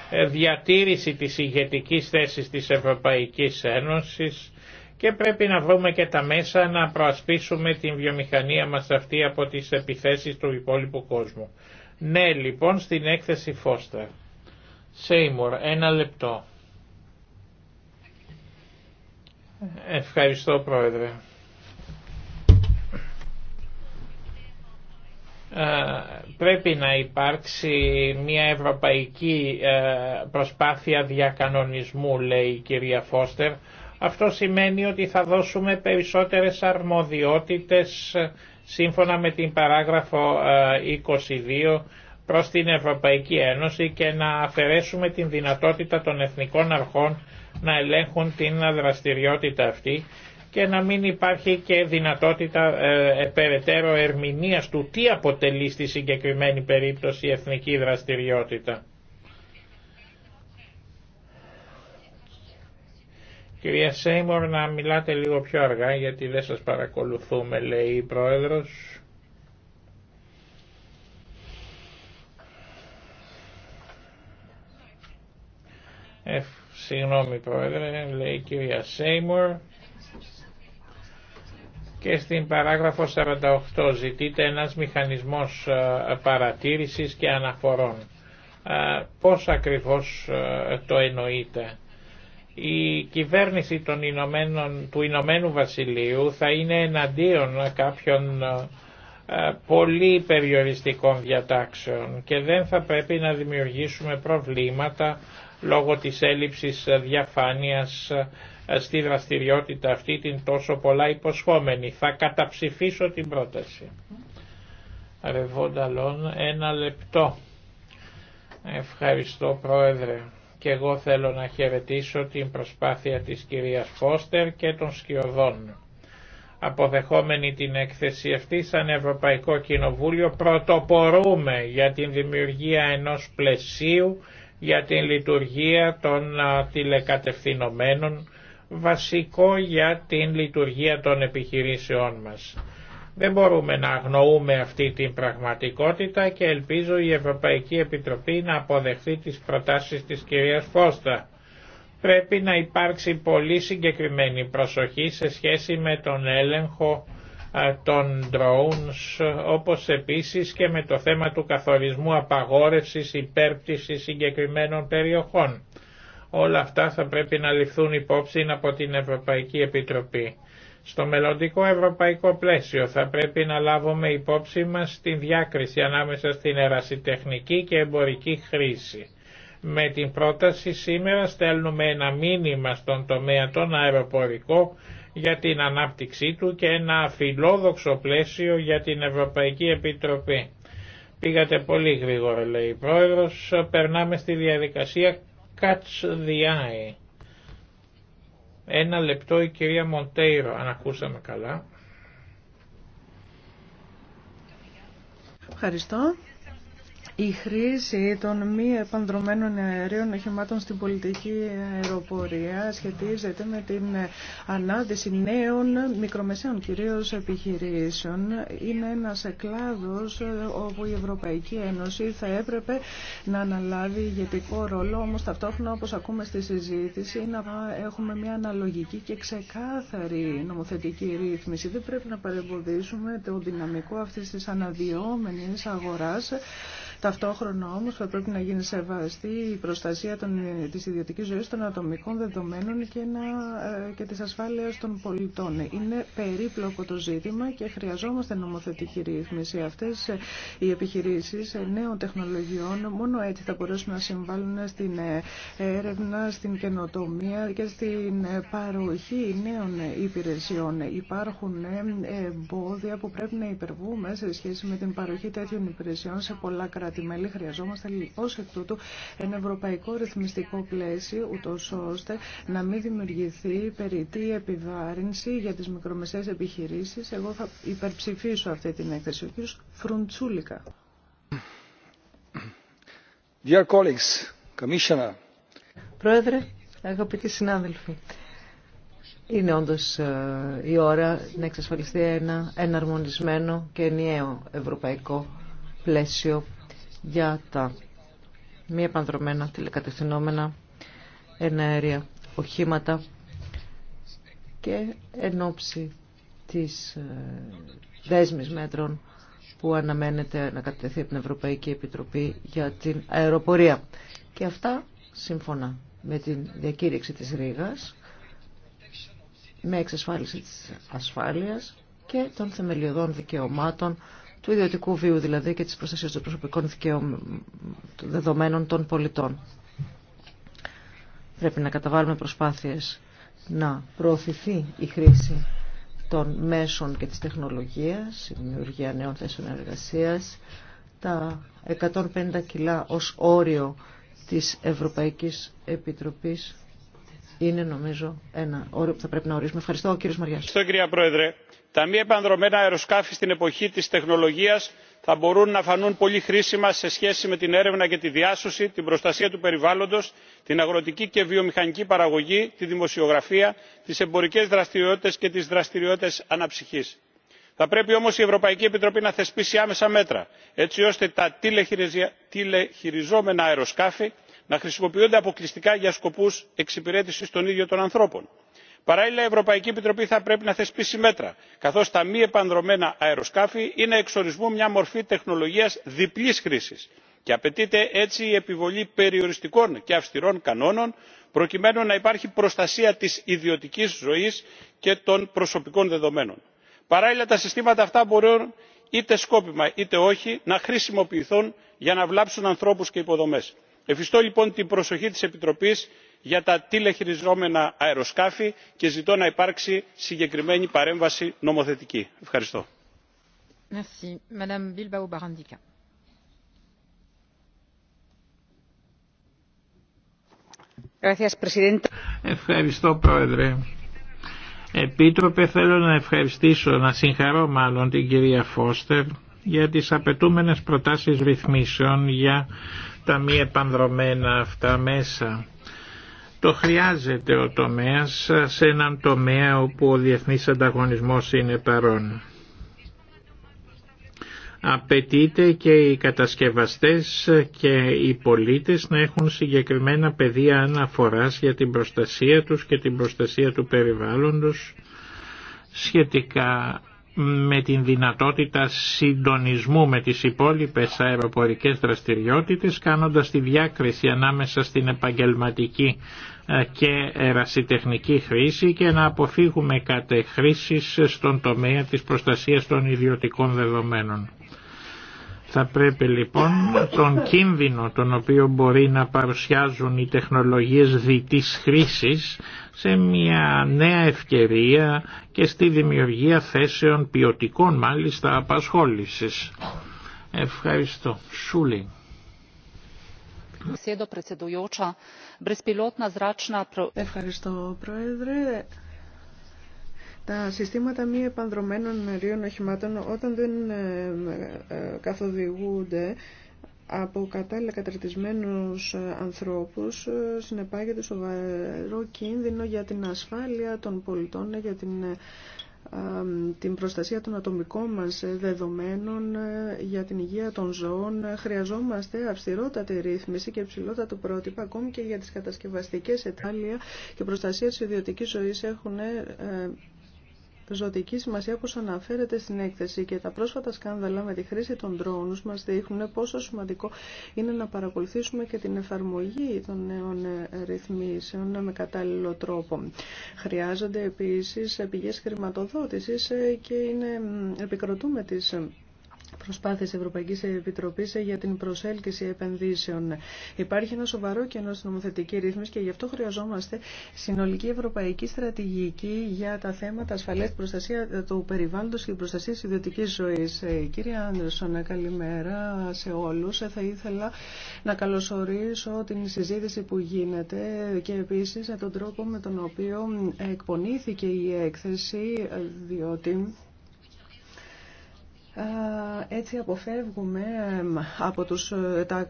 ε, διατήρηση της ηγετικής θέσης της Ευρωπαϊκής Ένωσης και πρέπει να βρούμε και τα μέσα να προασπίσουμε την βιομηχανία μας αυτή από τις επιθέσεις του υπόλοιπου κόσμου. Ναι λοιπόν στην έκθεση Φώστερ. Σέιμουρ, ένα λεπτό. Ευχαριστώ πρόεδρε. Ε, πρέπει να υπάρξει μια ευρωπαϊκή ε, προσπάθεια διακανονισμού λέει η κυρία Φώστερ. Αυτό σημαίνει ότι θα δώσουμε περισσότερες αρμοδιότητες ε, σύμφωνα με την παράγραφο 22 προς την Ευρωπαϊκή Ένωση και να αφαιρέσουμε την δυνατότητα των εθνικών αρχών να ελέγχουν την δραστηριότητα αυτή και να μην υπάρχει και δυνατότητα ε, ε, περαιτέρω ερμηνείας του τι αποτελεί στη συγκεκριμένη περίπτωση η εθνική δραστηριότητα. Κυρία Σέιμορ, να μιλάτε λίγο πιο αργά γιατί δεν σας παρακολουθούμε, λέει η Πρόεδρος. Ε, συγγνώμη Πρόεδρε, λέει η κυρία Σέιμορ και στην παράγραφο 48 ζητείται ένας μηχανισμός ε, παρατήρησης και αναφορών. Ε, πώς ακριβώς ε, το εννοείτε. Η κυβέρνηση των Ηνωμένων, του Ηνωμένου Βασιλείου θα είναι εναντίον κάποιων πολύ περιοριστικών διατάξεων και δεν θα πρέπει να δημιουργήσουμε προβλήματα λόγω της έλλειψης διαφάνειας στη δραστηριότητα αυτή την τόσο πολλά υποσχόμενη. Θα καταψηφίσω την πρόταση. Ρεβόνταλόν, ένα λεπτό. Ευχαριστώ Πρόεδρε. Και εγώ θέλω να χαιρετήσω την προσπάθεια της κυρίας Φώστερ και των σκιωδών. Αποδεχόμενη την έκθεση αυτή σαν Ευρωπαϊκό Κοινοβούλιο πρωτοπορούμε για την δημιουργία ενός πλαισίου για την λειτουργία των τηλεκατευθυνωμένων βασικό για την λειτουργία των επιχειρήσεών μας. Δεν μπορούμε να αγνοούμε αυτή την πραγματικότητα και ελπίζω η Ευρωπαϊκή Επιτροπή να αποδεχθεί τις προτάσεις της κυρίας Φώστα. Πρέπει να υπάρξει πολύ συγκεκριμένη προσοχή σε σχέση με τον έλεγχο των drones όπως επίσης και με το θέμα του καθορισμού απαγόρευσης υπέρπτυσης συγκεκριμένων περιοχών. Όλα αυτά θα πρέπει να ληφθούν υπόψη από την Ευρωπαϊκή Επιτροπή. Στο μελλοντικό ευρωπαϊκό πλαίσιο θα πρέπει να λάβουμε υπόψη μας την διάκριση ανάμεσα στην ερασιτεχνική και εμπορική χρήση. Με την πρόταση σήμερα στέλνουμε ένα μήνυμα στον τομέα των αεροπορικών για την ανάπτυξή του και ένα φιλόδοξο πλαίσιο για την Ευρωπαϊκή Επιτροπή. Πήγατε πολύ γρήγορα λέει η Πρόεδρος, περνάμε στη διαδικασία Catch the Eye. Ένα λεπτό η κυρία Μοντέιρο, αν ακούσαμε καλά. Ευχαριστώ. Η χρήση των μη επανδρομένων αερίων οχημάτων στην πολιτική αεροπορία σχετίζεται με την ανάδυση νέων μικρομεσαίων κυρίως επιχειρήσεων. Είναι ένας κλάδος όπου η Ευρωπαϊκή Ένωση θα έπρεπε να αναλάβει ηγετικό ρόλο, όμως ταυτόχρονα όπως ακούμε στη συζήτηση να έχουμε μια αναλογική και ξεκάθαρη νομοθετική ρύθμιση. Δεν πρέπει να παρεμποδίσουμε το δυναμικό αυτής της αναδυόμενης αγορά. Ταυτόχρονα όμω θα πρέπει να γίνει σεβαστή η προστασία τη ιδιωτική ζωή των ατομικών δεδομένων και, τη ε, και της ασφάλειας των πολιτών. Είναι περίπλοκο το ζήτημα και χρειαζόμαστε νομοθετική ρύθμιση. Αυτές ε, οι επιχειρήσεις ε, νέων τεχνολογιών μόνο έτσι θα μπορέσουν να συμβάλλουν στην έρευνα, στην καινοτομία και στην παροχή νέων υπηρεσιών. Υπάρχουν εμπόδια που πρέπει να υπερβούμε σε σχέση με την παροχή τέτοιων υπηρεσιών σε πολλά κράτη κράτη-μέλη. Χρειαζόμαστε ως εκ τούτου ένα ευρωπαϊκό ρυθμιστικό πλαίσιο, ούτω ώστε να μην δημιουργηθεί περιττή επιβάρυνση για τι μικρομεσαίες επιχειρήσει. Εγώ θα υπερψηφίσω αυτή την έκθεση. Ο κ. Φρουντσούλικα. Dear colleagues, Πρόεδρε, αγαπητοί συνάδελφοι, είναι όντως ε, η ώρα να εξασφαλιστεί ένα εναρμονισμένο και ενιαίο ευρωπαϊκό πλαίσιο για τα μη επανδρομένα τηλεκατευθυνόμενα εναέρια οχήματα και εν ώψη της ε, δέσμης μέτρων που αναμένεται να κατεθεί από την Ευρωπαϊκή Επιτροπή για την αεροπορία. Και αυτά σύμφωνα με την διακήρυξη της Ρήγας, με εξασφάλιση της ασφάλειας και των θεμελιωδών δικαιωμάτων του ιδιωτικού βίου δηλαδή και της προστασίας των προσωπικών δεδομένων των πολιτών. Πρέπει να καταβάλουμε προσπάθειες να προωθηθεί η χρήση των μέσων και της τεχνολογίας, η δημιουργία νέων θέσεων εργασίας, τα 150 κιλά ως όριο της Ευρωπαϊκής Επιτροπής είναι νομίζω ένα όριο που θα πρέπει να ορίσουμε. Ευχαριστώ ο κύριος Ευχαριστώ κυρία Πρόεδρε. Τα μη επανδρομένα αεροσκάφη στην εποχή της τεχνολογίας θα μπορούν να φανούν πολύ χρήσιμα σε σχέση με την έρευνα και τη διάσωση, την προστασία του περιβάλλοντος, την αγροτική και βιομηχανική παραγωγή, τη δημοσιογραφία, τις εμπορικές δραστηριότητες και τις δραστηριότητες αναψυχής. Θα πρέπει όμως η Ευρωπαϊκή Επιτροπή να θεσπίσει άμεσα μέτρα, έτσι ώστε τα τηλεχειριζόμενα αεροσκάφη να χρησιμοποιούνται αποκλειστικά για σκοπού εξυπηρέτηση των ίδιων των ανθρώπων. παράλληλα η ευρωπαϊκή επιτροπή θα πρέπει να θεσπίσει μέτρα καθώ τα μη επανδρωμένα αεροσκάφη είναι εξ ορισμού μια μορφή τεχνολογία διπλή χρήση και απαιτείται έτσι η επιβολή περιοριστικών και αυστηρών κανόνων προκειμένου να υπάρχει προστασία τη ιδιωτική ζωή και των προσωπικών δεδομένων. παράλληλα τα συστήματα αυτά μπορούν είτε σκόπιμα είτε όχι να χρησιμοποιηθούν για να βλάψουν ανθρώπου και υποδομές εφιστώ λοιπόν την προσοχή της επιτροπής για τα τηλεχειριζόμενα αεροσκάφη και ζητώ να υπάρξει συγκεκριμένη παρέμβαση νομοθετική. ευχαριστώ. Ευχαριστώ Πρόεδρε. Επίτροπε θέλω να ευχαριστήσω, να συγχαρώ μάλλον την κυρία Φώστερ για τις απαιτούμενες προτάσεις ρυθμίσεων για τα μη επανδρομένα αυτά μέσα. Το χρειάζεται ο τομέας σε έναν τομέα όπου ο διεθνής ανταγωνισμός είναι παρόν. Απαιτείται και οι κατασκευαστές και οι πολίτες να έχουν συγκεκριμένα πεδία αναφοράς για την προστασία τους και την προστασία του περιβάλλοντος σχετικά με την δυνατότητα συντονισμού με τις υπόλοιπες αεροπορικές δραστηριότητες κάνοντας τη διάκριση ανάμεσα στην επαγγελματική ε, και ερασιτεχνική χρήση και να αποφύγουμε κατεχρήσεις στον τομέα της προστασίας των ιδιωτικών δεδομένων. Θα πρέπει λοιπόν τον κίνδυνο τον οποίο μπορεί να παρουσιάζουν οι τεχνολογίες διτής χρήσης σε μια νέα ευκαιρία και στη δημιουργία θέσεων ποιοτικών μάλιστα απασχόλησης. Ευχαριστώ. Σούλη. Ευχαριστώ Πρόεδρε τα συστήματα μη επανδρομένων μερίων οχημάτων όταν δεν ε, ε, καθοδηγούνται από κατάλληλα καταρτισμένους ε, ανθρώπους συνεπάγεται σοβαρό κίνδυνο για την ασφάλεια των πολιτών, για την, την προστασία των ατομικών μας δεδομένων, για την υγεία των ζώων. Χρειαζόμαστε αυστηρότατη ρύθμιση και ψηλότατο πρότυπα ακόμη και για τις κατασκευαστικές ετάλια και προστασία της ιδιωτικής ζωής έχουν ζωτική σημασία όπως αναφέρεται στην έκθεση και τα πρόσφατα σκάνδαλα με τη χρήση των drones μας δείχνουν πόσο σημαντικό είναι να παρακολουθήσουμε και την εφαρμογή των νέων ρυθμίσεων με κατάλληλο τρόπο. Χρειάζονται επίσης πηγές χρηματοδότησης ε, και είναι, επικροτούμε τις προσπάθειες Ευρωπαϊκής Επιτροπής για την προσέλκυση επενδύσεων. Υπάρχει ένα σοβαρό κενό στην νομοθετική ρύθμιση και γι' αυτό χρειαζόμαστε συνολική ευρωπαϊκή στρατηγική για τα θέματα ασφαλείας προστασία του περιβάλλοντος και προστασίας προστασία ιδιωτικής ζωής. Ε, κύριε Άντερσον, καλημέρα σε όλους. Ε, θα ήθελα να καλωσορίσω την συζήτηση που γίνεται και επίσης τον τρόπο με τον οποίο εκπονήθηκε η έκθεση, ε, διότι έτσι αποφεύγουμε από τους, ε, τα,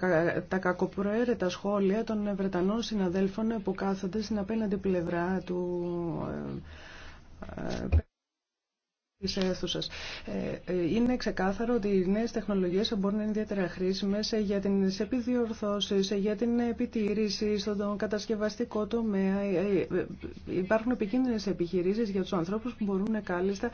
τα κακοπροαίρετα σχόλια των Βρετανών συναδέλφων που κάθονται στην απέναντι πλευρά του ε, ε, ε, ε, είναι ξεκάθαρο ότι οι νέες τεχνολογίες μπορούν να είναι ιδιαίτερα χρήσιμες για τι επιδιορθώσει για την επιτήρηση στον κατασκευαστικό τομέα. Ε, υπάρχουν επικίνδυνες επιχειρήσεις για τους ανθρώπους που μπορούν κάλλιστα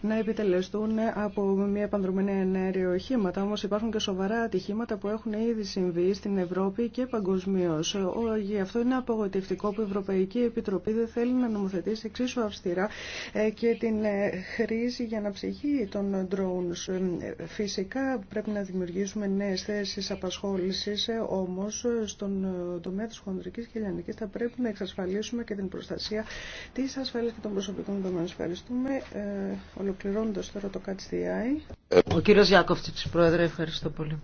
να επιτελεστούν από μια επανδρομένη ενέργεια οχήματα. Όμως υπάρχουν και σοβαρά ατυχήματα που έχουν ήδη συμβεί στην Ευρώπη και παγκοσμίω. Γι' αυτό είναι απογοητευτικό που η Ευρωπαϊκή Επιτροπή δεν θέλει να νομοθετήσει εξίσου αυστηρά και την χρήση για για αναψυχή των drones. Ε, φυσικά πρέπει να δημιουργήσουμε νέε θέσει απασχόληση. Ε, Όμω ε, στον τομέα τη χοντρική και λιανικής θα πρέπει να εξασφαλίσουμε και την προστασία τη ασφάλεια και των προσωπικών δεδομένων. Ευχαριστούμε. Ε, ολοκληρώνοντα τώρα το CATSDI. Ο κύριος Γιάκοφτη, Πρόεδρε, ευχαριστώ πολύ.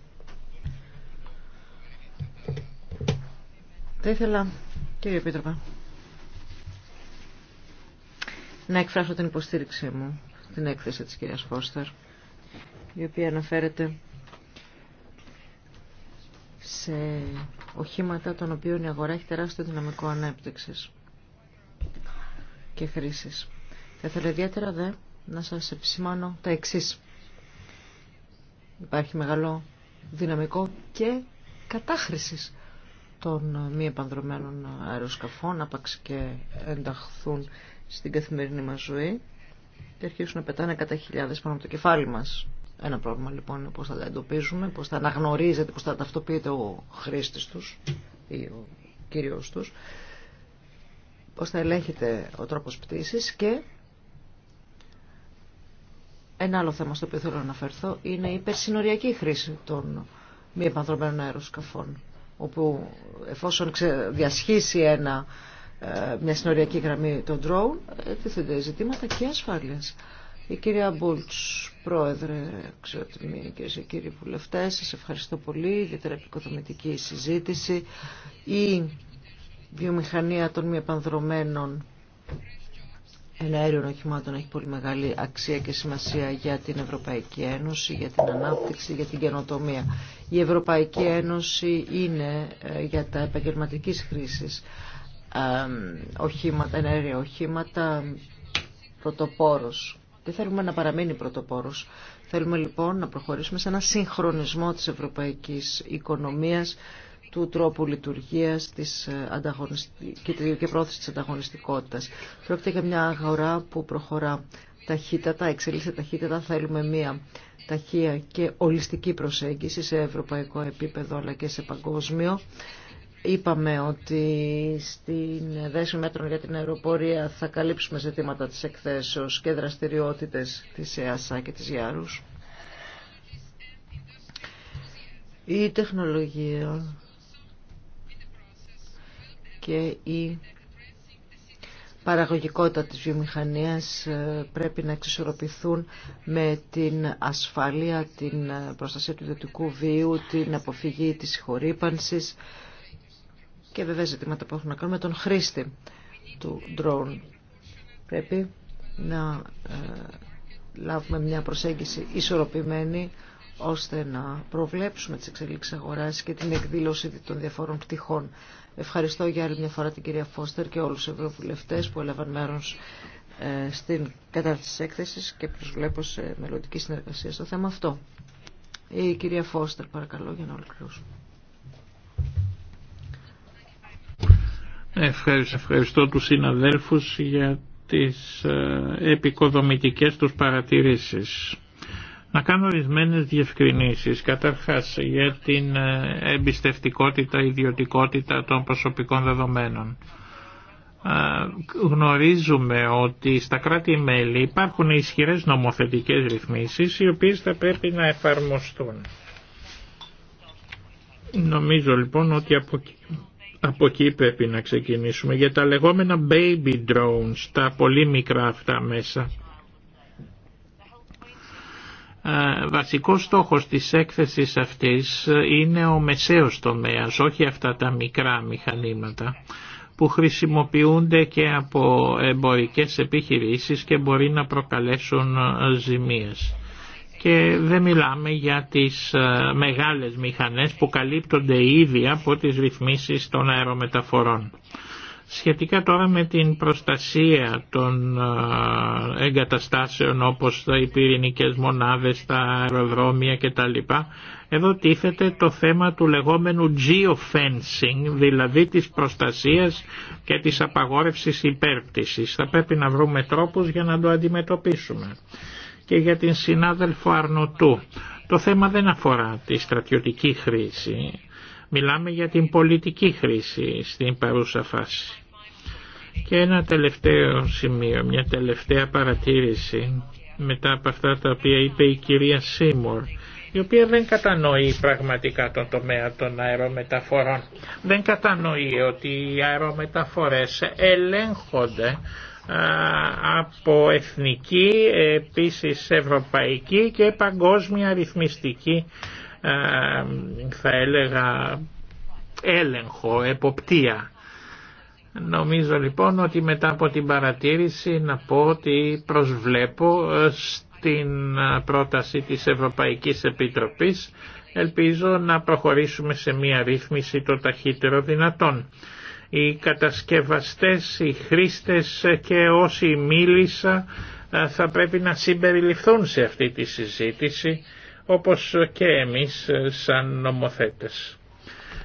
Θα ήθελα, κύριε επιτροπα. να εκφράσω την υποστήριξή μου την έκθεση της κυρίας Φώστερ, η οποία αναφέρεται σε οχήματα των οποίων η αγορά έχει τεράστιο δυναμικό ανέπτυξης και χρήσης. Θα ήθελα ιδιαίτερα δε να σας επισημάνω τα εξής. Υπάρχει μεγάλο δυναμικό και κατάχρησης των μη επανδρομένων αεροσκαφών, άπαξ και ενταχθούν στην καθημερινή μας ζωή και αρχίσουν να πετάνε κατά χιλιάδες πάνω από το κεφάλι μας. Ένα πρόβλημα λοιπόν είναι πώς θα τα εντοπίζουμε, πώς θα αναγνωρίζεται, πώς θα ταυτοποιείται ο χρήστης τους ή ο κύριος τους, πώς θα ελέγχεται ο τρόπος πτήσης και ένα άλλο θέμα στο οποίο θέλω να αναφερθώ είναι η υπερσυνοριακή χρήση των μη επανδρομένων αεροσκαφών όπου εφόσον διασχίσει ένα ε, μια συνοριακή γραμμή των drone, ε, τίθενται ζητήματα και ασφάλειας. Η κυρία Μπούλτς, πρόεδρε, αξιότιμοι κυρίε και κύριοι βουλευτέ, σας ευχαριστώ πολύ. την επικοδομητική συζήτηση. Η βιομηχανία των μη επανδρομένων εναέριων οχημάτων έχει πολύ μεγάλη αξία και σημασία για την Ευρωπαϊκή Ένωση, για την ανάπτυξη, για την καινοτομία. Η Ευρωπαϊκή Ένωση είναι ε, για τα επαγγελματική χρήση οχήματα, ενέργεια οχήματα πρωτοπόρος. Δεν θέλουμε να παραμείνει πρωτοπόρος. Θέλουμε λοιπόν να προχωρήσουμε σε ένα συγχρονισμό της ευρωπαϊκής οικονομίας, του τρόπου λειτουργίας της ε, και, και πρόθεση της ανταγωνιστικότητας. Πρόκειται για μια αγορά που προχωρά ταχύτατα, εξελίσσεται ταχύτατα. Θέλουμε μια ταχεία και ολιστική προσέγγιση σε ευρωπαϊκό επίπεδο αλλά και σε παγκόσμιο. Είπαμε ότι στην δέση μέτρων για την αεροπορία θα καλύψουμε ζητήματα της εκθέσεως και δραστηριότητες της ΕΑΣΑ και της ΓΙΑΡΟΥΣ. Η τεχνολογία και η παραγωγικότητα της βιομηχανίας ε, πρέπει να εξισορροπηθούν με την ασφάλεια, την ε, προστασία του ιδιωτικού βίου, την αποφυγή της χορύπανσης και βέβαια ζητήματα που έχουν να κάνουν με τον χρήστη του drone. Πρέπει να ε, λάβουμε μια προσέγγιση ισορροπημένη ώστε να προβλέψουμε τις εξελίξεις αγοράς και την εκδήλωση των διαφόρων πτυχών. Ευχαριστώ για άλλη μια φορά την κυρία Φώστερ και όλους τους ευρωβουλευτές που έλαβαν μέρος ε, στην κατάρτιση της έκθεσης και προσβλέπω σε μελλοντική συνεργασία στο θέμα αυτό. Η κυρία Φώστερ παρακαλώ για να ολοκληρώσουμε. Ευχαριστώ, ευχαριστώ τους συναδέλφους για τις ε, επικοδομητικές τους παρατηρήσεις. Να κάνω ορισμένε διευκρινήσεις. Καταρχάς για την ε, εμπιστευτικότητα, ιδιωτικότητα των προσωπικών δεδομένων. Γνωρίζουμε ότι στα κράτη-μέλη υπάρχουν ισχυρές νομοθετικές ρυθμίσεις οι οποίες θα πρέπει να εφαρμοστούν. Νομίζω λοιπόν ότι από από εκεί πρέπει να ξεκινήσουμε για τα λεγόμενα baby drones, τα πολύ μικρά αυτά μέσα. Ε, βασικός στόχος της έκθεσης αυτής είναι ο μεσαίος τομέας, όχι αυτά τα μικρά μηχανήματα που χρησιμοποιούνται και από εμπορικές επιχειρήσεις και μπορεί να προκαλέσουν ε, ζημίες και δεν μιλάμε για τις ε, μεγάλες μηχανές που καλύπτονται ήδη από τις ρυθμίσεις των αερομεταφορών. Σχετικά τώρα με την προστασία των ε, εγκαταστάσεων όπως οι πυρηνικές μονάδες, τα αεροδρόμια κτλ. Εδώ τίθεται το θέμα του λεγόμενου geofencing, δηλαδή της προστασίας και της απαγόρευσης υπέρπτυσης. Θα πρέπει να βρούμε τρόπους για να το αντιμετωπίσουμε και για την συνάδελφο Αρνοτού. Το θέμα δεν αφορά τη στρατιωτική χρήση. Μιλάμε για την πολιτική χρήση στην παρούσα φάση. Και ένα τελευταίο σημείο, μια τελευταία παρατήρηση μετά από αυτά τα οποία είπε η κυρία Σίμουρ η οποία δεν κατανοεί πραγματικά τον τομέα των αερομεταφορών. Δεν κατανοεί ότι οι αερομεταφορές ελέγχονται από εθνική, επίσης ευρωπαϊκή και παγκόσμια ρυθμιστική θα έλεγα έλεγχο, εποπτεία. Νομίζω λοιπόν ότι μετά από την παρατήρηση να πω ότι προσβλέπω ε, στην πρόταση της Ευρωπαϊκής Επιτροπής ελπίζω να προχωρήσουμε σε μια ρύθμιση το ταχύτερο δυνατόν οι κατασκευαστές, οι χρήστες και όσοι μίλησα θα πρέπει να συμπεριληφθούν σε αυτή τη συζήτηση όπως και εμείς ε, σαν νομοθέτες.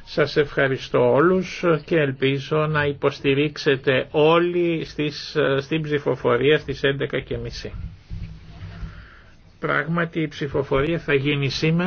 Σας ευχαριστώ όλους και ελπίζω να υποστηρίξετε όλοι στις, ε, στην ψηφοφορία στις 11.30. Πράγματι η ψηφοφορία θα γίνει σήμερα.